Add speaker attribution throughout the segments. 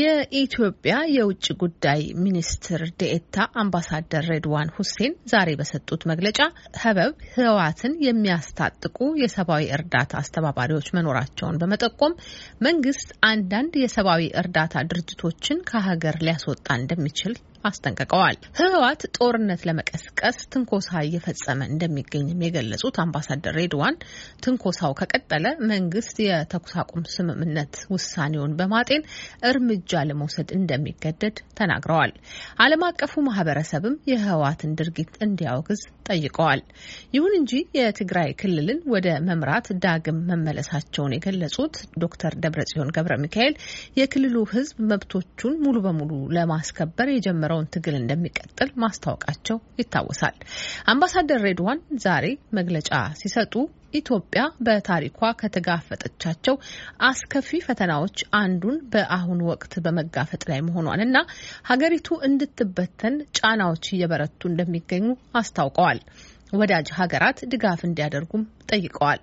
Speaker 1: የኢትዮጵያ የውጭ ጉዳይ ሚኒስትር ዴኤታ አምባሳደር ሬድዋን ሁሴን ዛሬ በሰጡት መግለጫ ህበብ ህወሓትን የሚያስታጥቁ የሰብአዊ እርዳታ አስተባባሪዎች መኖራቸውን በመጠቆም መንግስት አንዳንድ የሰብአዊ እርዳታ ድርጅቶችን ከሀገር ሊያስወጣ እንደሚችል አስጠንቅቀዋል። ህወሓት ጦርነት ለመቀስቀስ ትንኮሳ እየፈጸመ እንደሚገኝም የገለጹት አምባሳደር ሬድዋን ትንኮሳው ከቀጠለ መንግስት የተኩስ አቁም ስምምነት ውሳኔውን በማጤን እርምጃ ለመውሰድ እንደሚገደድ ተናግረዋል። ዓለም አቀፉ ማህበረሰብም የህወሓትን ድርጊት እንዲያወግዝ ጠይቀዋል። ይሁን እንጂ የትግራይ ክልልን ወደ መምራት ዳግም መመለሳቸውን የገለጹት ዶክተር ደብረጽዮን ገብረ ሚካኤል የክልሉ ህዝብ መብቶቹን ሙሉ በሙሉ ለማስከበር የጀመረው የጀመረውን ትግል እንደሚቀጥል ማስታወቃቸው ይታወሳል። አምባሳደር ሬድዋን ዛሬ መግለጫ ሲሰጡ ኢትዮጵያ በታሪኳ ከተጋፈጠቻቸው አስከፊ ፈተናዎች አንዱን በአሁኑ ወቅት በመጋፈጥ ላይ መሆኗን እና ሀገሪቱ እንድትበተን ጫናዎች እየበረቱ እንደሚገኙ አስታውቀዋል። ወዳጅ ሀገራት ድጋፍ እንዲያደርጉም ጠይቀዋል።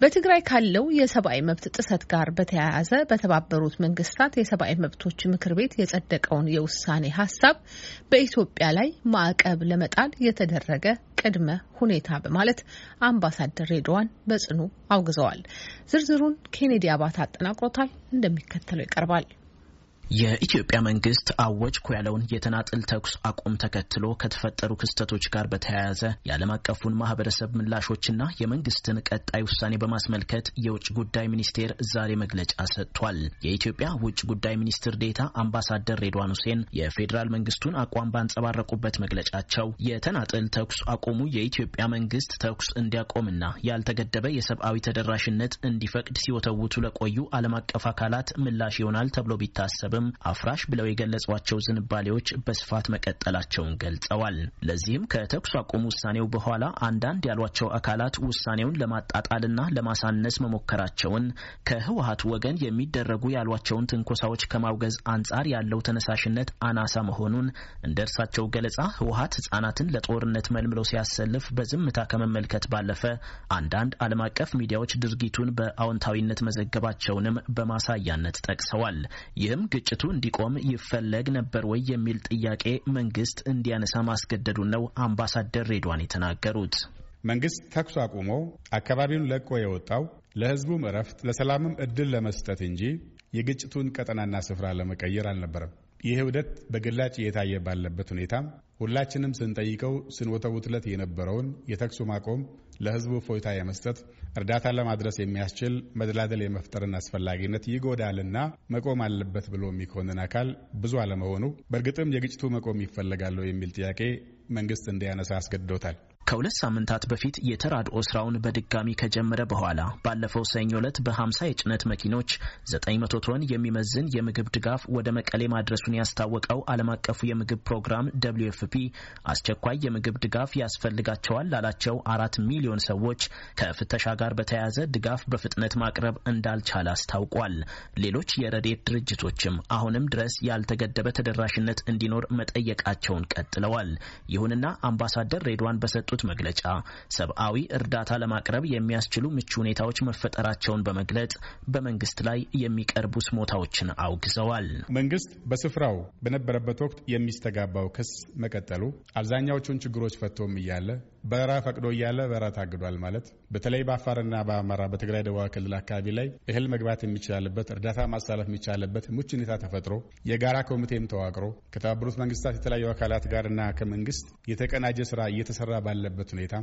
Speaker 1: በትግራይ ካለው የሰብአዊ መብት ጥሰት ጋር በተያያዘ በተባበሩት መንግስታት የሰብአዊ መብቶች ምክር ቤት የጸደቀውን የውሳኔ ሀሳብ በኢትዮጵያ ላይ ማዕቀብ ለመጣል የተደረገ ቅድመ ሁኔታ በማለት አምባሳደር ሬድዋን በጽኑ አውግዘዋል። ዝርዝሩን ኬኔዲ አባት አጠናቅሮታል፣ እንደሚከተለው ይቀርባል።
Speaker 2: የኢትዮጵያ መንግስት አወጅኩ ያለውን የተናጥል ተኩስ አቁም ተከትሎ ከተፈጠሩ ክስተቶች ጋር በተያያዘ የዓለም አቀፉን ማህበረሰብ ምላሾችና የመንግስትን ቀጣይ ውሳኔ በማስመልከት የውጭ ጉዳይ ሚኒስቴር ዛሬ መግለጫ ሰጥቷል። የኢትዮጵያ ውጭ ጉዳይ ሚኒስትር ዴታ አምባሳደር ሬድዋን ሁሴን የፌዴራል መንግስቱን አቋም ባንጸባረቁበት መግለጫቸው የተናጥል ተኩስ አቁሙ የኢትዮጵያ መንግስት ተኩስ እንዲያቆምና ያልተገደበ የሰብአዊ ተደራሽነት እንዲፈቅድ ሲወተውቱ ለቆዩ ዓለም አቀፍ አካላት ምላሽ ይሆናል ተብሎ ቢታሰብ ቢኖርም አፍራሽ ብለው የገለጿቸው ዝንባሌዎች በስፋት መቀጠላቸውን ገልጸዋል። ለዚህም ከተኩስ አቁም ውሳኔው በኋላ አንዳንድ ያሏቸው አካላት ውሳኔውን ለማጣጣልና ለማሳነስ መሞከራቸውን ከህወሀት ወገን የሚደረጉ ያሏቸውን ትንኮሳዎች ከማውገዝ አንጻር ያለው ተነሳሽነት አናሳ መሆኑን እንደ እርሳቸው ገለጻ ህወሀት ህጻናትን ለጦርነት መልምለው ሲያሰልፍ በዝምታ ከመመልከት ባለፈ አንዳንድ ዓለም አቀፍ ሚዲያዎች ድርጊቱን በአዎንታዊነት መዘገባቸውንም በማሳያነት ጠቅሰዋል። ይህም ግጭቱ እንዲቆም ይፈለግ ነበር ወይ የሚል ጥያቄ መንግስት እንዲያነሳ ማስገደዱን ነው አምባሳደር ሬድዋን የተናገሩት። መንግስት ተኩስ አቁሞ አካባቢውን ለቆ
Speaker 3: የወጣው ለህዝቡም እረፍት ለሰላምም እድል ለመስጠት እንጂ የግጭቱን ቀጠናና ስፍራ ለመቀየር አልነበረም። ይህ ውህደት በግላጭ እየታየ ባለበት ሁኔታም ሁላችንም ስንጠይቀው ስንወተውትለት የነበረውን የተኩሱ ማቆም ለህዝቡ ፎይታ የመስጠት እርዳታ ለማድረስ የሚያስችል መደላደል የመፍጠርን አስፈላጊነት ይጎዳልና መቆም አለበት ብሎ የሚኮንን አካል ብዙ አለመሆኑ በእርግጥም የግጭቱ መቆም ይፈለጋለሁ የሚል ጥያቄ መንግስት
Speaker 2: እንዲያነሳ አስገድዶታል። ከሁለት ሳምንታት በፊት የተራድኦ ስራውን በድጋሚ ከጀመረ በኋላ ባለፈው ሰኞ ዕለት በ50 የጭነት መኪኖች 900 ቶን የሚመዝን የምግብ ድጋፍ ወደ መቀሌ ማድረሱን ያስታወቀው ዓለም አቀፉ የምግብ ፕሮግራም WFP አስቸኳይ የምግብ ድጋፍ ያስፈልጋቸዋል ላላቸው አራት ሚሊዮን ሰዎች ከፍተሻ ጋር በተያያዘ ድጋፍ በፍጥነት ማቅረብ እንዳልቻለ አስታውቋል። ሌሎች የረዴት ድርጅቶችም አሁንም ድረስ ያልተገደበ ተደራሽነት እንዲኖር መጠየቃቸውን ቀጥለዋል። ይሁንና አምባሳደር ሬድዋን በሰጡት ባወጡት መግለጫ ሰብአዊ እርዳታ ለማቅረብ የሚያስችሉ ምቹ ሁኔታዎች መፈጠራቸውን በመግለጽ በመንግስት ላይ የሚቀርቡ ስሞታዎችን አውግዘዋል።
Speaker 3: መንግስት በስፍራው በነበረበት ወቅት የሚስተጋባው ክስ መቀጠሉ አብዛኛዎቹን ችግሮች ፈቶም እያለ በራ ፈቅዶ እያለ በራ ታግዷል ማለት በተለይ በአፋርና በአማራ በትግራይ ደቡብ ክልል አካባቢ ላይ እህል መግባት የሚቻልበት እርዳታ ማሳለፍ የሚቻልበት ምቹ ሁኔታ ተፈጥሮ የጋራ ኮሚቴም ተዋቅሮ ከተባበሩት መንግስታት የተለያዩ አካላት ጋርና ከመንግስት የተቀናጀ ስራ እየተሰራ ባለበት ሁኔታ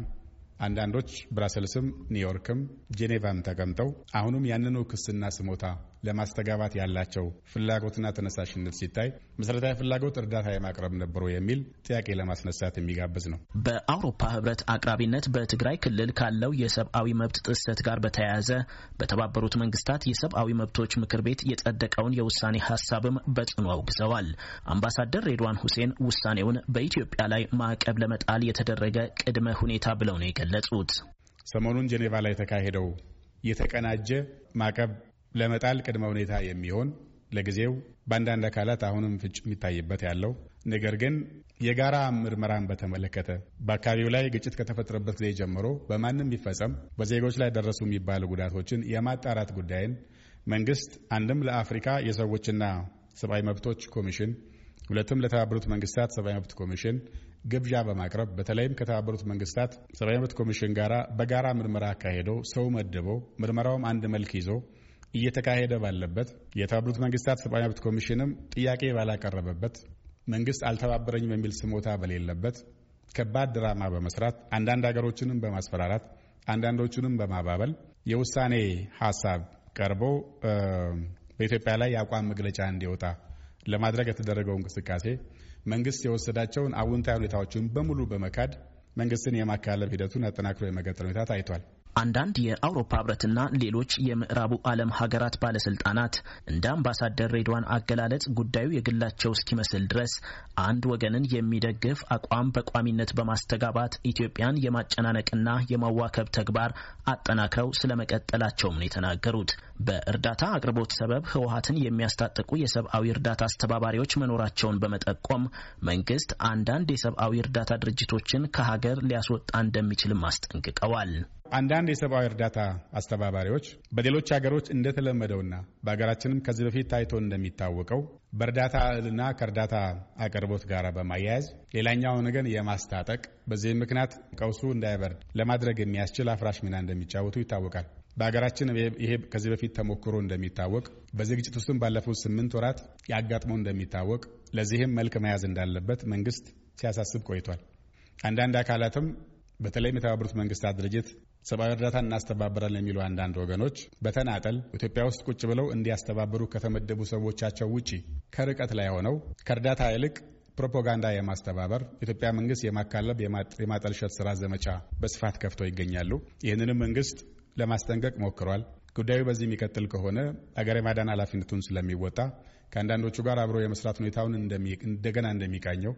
Speaker 3: አንዳንዶች ብራሰልስም ኒውዮርክም ጄኔቫም ተቀምጠው አሁንም ያንኑ ክስና ስሞታ ለማስተጋባት ያላቸው ፍላጎትና ተነሳሽነት ሲታይ መሰረታዊ ፍላጎት እርዳታ የማቅረብ ነበሩ የሚል ጥያቄ ለማስነሳት የሚጋብዝ ነው።
Speaker 2: በአውሮፓ ህብረት አቅራቢነት በትግራይ ክልል ካለው የሰብአዊ መብት ጥሰት ጋር በተያያዘ በተባበሩት መንግስታት የሰብአዊ መብቶች ምክር ቤት የጸደቀውን የውሳኔ ሀሳብም በጽኑ አውግዘዋል። አምባሳደር ሬድዋን ሁሴን ውሳኔውን በኢትዮጵያ ላይ ማዕቀብ ለመጣል የተደረገ ቅድመ ሁኔታ ብለው ነው የገለጹት። ሰሞኑን ጄኔቫ ላይ የተካሄደው
Speaker 3: የተቀናጀ ማዕቀብ ለመጣል ቅድመ ሁኔታ የሚሆን ለጊዜው በአንዳንድ አካላት አሁንም ፍንጭ የሚታይበት ያለው ነገር ግን የጋራ ምርመራን በተመለከተ በአካባቢው ላይ ግጭት ከተፈጠረበት ጊዜ ጀምሮ በማንም ቢፈጸም በዜጎች ላይ ደረሱ የሚባሉ ጉዳቶችን የማጣራት ጉዳይን መንግስት አንድም ለአፍሪካ የሰዎችና ሰብአዊ መብቶች ኮሚሽን ሁለትም ለተባበሩት መንግስታት ሰብአዊ መብት ኮሚሽን ግብዣ በማቅረብ በተለይም ከተባበሩት መንግስታት ሰብአዊ መብት ኮሚሽን ጋራ በጋራ ምርመራ አካሄዶ ሰው መድቦ ምርመራውም አንድ መልክ ይዞ እየተካሄደ ባለበት የተባበሩት መንግስታት ሰብአዊ መብት ኮሚሽንም ጥያቄ ባላቀረበበት መንግስት አልተባበረኝም የሚል ስሞታ በሌለበት ከባድ ድራማ በመስራት አንዳንድ ሀገሮችንም በማስፈራራት አንዳንዶቹንም በማባበል የውሳኔ ሀሳብ ቀርቦ በኢትዮጵያ ላይ የአቋም መግለጫ እንዲወጣ ለማድረግ የተደረገው እንቅስቃሴ መንግስት የወሰዳቸውን አውንታዊ ሁኔታዎችን በሙሉ
Speaker 2: በመካድ መንግስትን የማካለብ ሂደቱን አጠናክሮ የመቀጠል ሁኔታ ታይቷል። አንዳንድ የአውሮፓ ህብረትና ሌሎች የምዕራቡ ዓለም ሀገራት ባለስልጣናት እንደ አምባሳደር ሬድዋን አገላለጽ ጉዳዩ የግላቸው እስኪመስል ድረስ አንድ ወገንን የሚደግፍ አቋም በቋሚነት በማስተጋባት ኢትዮጵያን የማጨናነቅና የማዋከብ ተግባር አጠናክረው ስለመቀጠላቸውም ነው የተናገሩት። በእርዳታ አቅርቦት ሰበብ ህወሀትን የሚያስታጥቁ የሰብአዊ እርዳታ አስተባባሪዎች መኖራቸውን በመጠቆም መንግስት አንዳንድ የሰብአዊ እርዳታ ድርጅቶችን ከሀገር ሊያስወጣ እንደሚችልም አስጠንቅቀዋል። አንዳንድ የሰብአዊ እርዳታ
Speaker 3: አስተባባሪዎች በሌሎች ሀገሮች እንደተለመደውና በሀገራችንም ከዚህ በፊት ታይቶ እንደሚታወቀው በእርዳታ እህልና ከእርዳታ አቅርቦት ጋር በማያያዝ ሌላኛውን ወገን የማስታጠቅ በዚህም ምክንያት ቀውሱ እንዳይበርድ ለማድረግ የሚያስችል አፍራሽ ሚና እንደሚጫወቱ ይታወቃል። በሀገራችን ይሄ ከዚህ በፊት ተሞክሮ እንደሚታወቅ በዚህ ግጭት ውስጥም ባለፉት ስምንት ወራት ያጋጥሞ እንደሚታወቅ ለዚህም መልክ መያዝ እንዳለበት መንግስት ሲያሳስብ ቆይቷል። አንዳንድ አካላትም በተለይም የተባበሩት መንግስታት ድርጅት ሰብአዊ እርዳታ እናስተባበራለን የሚሉ አንዳንድ ወገኖች በተናጠል ኢትዮጵያ ውስጥ ቁጭ ብለው እንዲያስተባብሩ ከተመደቡ ሰዎቻቸው ውጪ ከርቀት ላይ ሆነው ከእርዳታ ይልቅ ፕሮፓጋንዳ የማስተባበር ኢትዮጵያ መንግስት የማካለብ የማጠልሸት ስራ ዘመቻ በስፋት ከፍተው ይገኛሉ። ይህንንም መንግስት ለማስጠንቀቅ ሞክሯል። ጉዳዩ በዚህ የሚቀጥል ከሆነ አገር የማዳን ኃላፊነቱን ስለሚወጣ ከአንዳንዶቹ ጋር አብሮ የመስራት ሁኔታውን እንደገና እንደሚቃኘው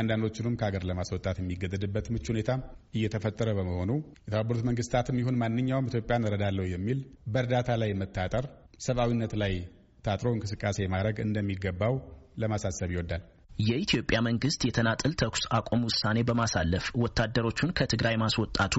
Speaker 3: አንዳንዶቹንም ከሀገር ለማስወጣት የሚገደድበት ምቹ ሁኔታ እየተፈጠረ በመሆኑ የተባበሩት መንግስታትም ይሁን ማንኛውም ኢትዮጵያን እረዳለሁ የሚል በእርዳታ ላይ መታጠር፣ ሰብአዊነት ላይ ታጥሮ እንቅስቃሴ ማድረግ
Speaker 2: እንደሚገባው ለማሳሰብ ይወዳል። የኢትዮጵያ መንግስት የተናጠል ተኩስ አቁም ውሳኔ በማሳለፍ ወታደሮቹን ከትግራይ ማስወጣቱ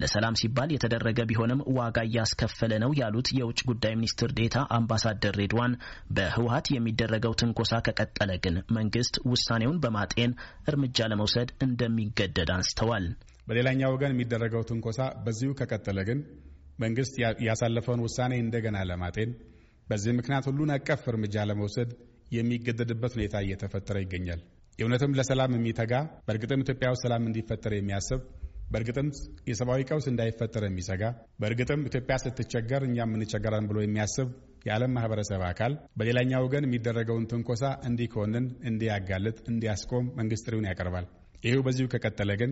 Speaker 2: ለሰላም ሲባል የተደረገ ቢሆንም ዋጋ እያስከፈለ ነው ያሉት የውጭ ጉዳይ ሚኒስትር ዴታ አምባሳደር ሬድዋን በህወሀት የሚደረገው ትንኮሳ ከቀጠለ ግን መንግስት ውሳኔውን በማጤን እርምጃ ለመውሰድ እንደሚገደድ አንስተዋል። በሌላኛው ወገን
Speaker 3: የሚደረገው ትንኮሳ በዚሁ ከቀጠለ ግን መንግስት ያሳለፈውን ውሳኔ እንደገና ለማጤን በዚህ ምክንያት ሁሉን አቀፍ እርምጃ ለመውሰድ የሚገደድበት ሁኔታ እየተፈጠረ ይገኛል። እውነትም ለሰላም የሚተጋ በእርግጥም ኢትዮጵያ ውስጥ ሰላም እንዲፈጠር የሚያስብ በእርግጥም የሰብአዊ ቀውስ እንዳይፈጠር የሚሰጋ በእርግጥም ኢትዮጵያ ስትቸገር እኛም እንቸገራን ብሎ የሚያስብ የዓለም ማህበረሰብ አካል በሌላኛ ወገን የሚደረገውን ትንኮሳ እንዲኮንን፣ እንዲያጋልጥ፣ እንዲያስቆም መንግስት ጥሪውን ያቀርባል። ይህው በዚሁ ከቀጠለ ግን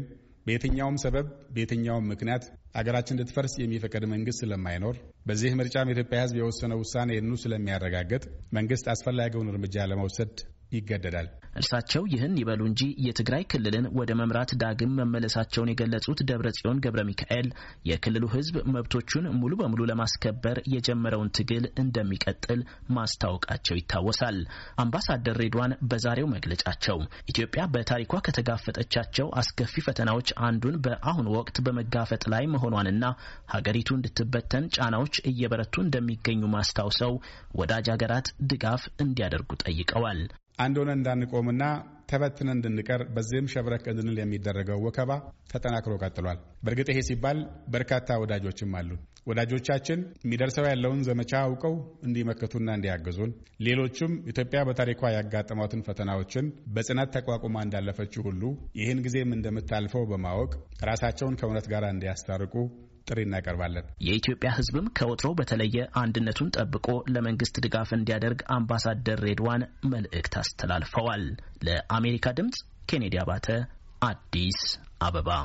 Speaker 3: በየትኛውም ሰበብ በየትኛውም ምክንያት አገራችን እንድትፈርስ የሚፈቀድ መንግስት ስለማይኖር በዚህ ምርጫም የኢትዮጵያ ሕዝብ የወሰነ ውሳኔ ይህንኑ ስለሚያረጋግጥ መንግስት አስፈላጊውን እርምጃ
Speaker 2: ለመውሰድ ይገደዳል። እርሳቸው ይህን ይበሉ እንጂ የትግራይ ክልልን ወደ መምራት ዳግም መመለሳቸውን የገለጹት ደብረ ጽዮን ገብረ ሚካኤል የክልሉ ሕዝብ መብቶቹን ሙሉ በሙሉ ለማስከበር የጀመረውን ትግል እንደሚቀጥል ማስታወቃቸው ይታወሳል። አምባሳደር ሬድዋን በዛሬው መግለጫቸው ኢትዮጵያ በታሪኳ ከተጋፈጠቻቸው አስከፊ ፈተናዎች አንዱን በአሁኑ ወቅት በመጋፈጥ ላይ መሆኗንና ሀገሪቱ እንድትበተን ጫናዎች እየበረቱ እንደሚገኙ ማስታውሰው ወዳጅ ሀገራት ድጋፍ እንዲያደርጉ
Speaker 3: ጠይቀዋል። አንድ ሆነ እንዳንቆምና ተበትነን እንድንቀር በዚህም ሸብረክ እንድንል የሚደረገው ወከባ ተጠናክሮ ቀጥሏል። በእርግጥ ይሄ ሲባል በርካታ ወዳጆችም አሉ። ወዳጆቻችን የሚደርሰው ያለውን ዘመቻ አውቀው እንዲመክቱና እንዲያግዙን፣ ሌሎቹም ኢትዮጵያ በታሪኳ ያጋጠሟትን ፈተናዎችን በጽናት ተቋቁማ እንዳለፈችው ሁሉ ይህን ጊዜም እንደምታልፈው
Speaker 2: በማወቅ ራሳቸውን ከእውነት ጋር እንዲያስታርቁ ጥሪ እናቀርባለን። የኢትዮጵያ ሕዝብም ከወትሮው በተለየ አንድነቱን ጠብቆ ለመንግስት ድጋፍ እንዲያደርግ አምባሳደር ሬድዋን መልእክት አስተላልፈዋል። ለአሜሪካ ድምጽ ኬኔዲ አባተ አዲስ አበባ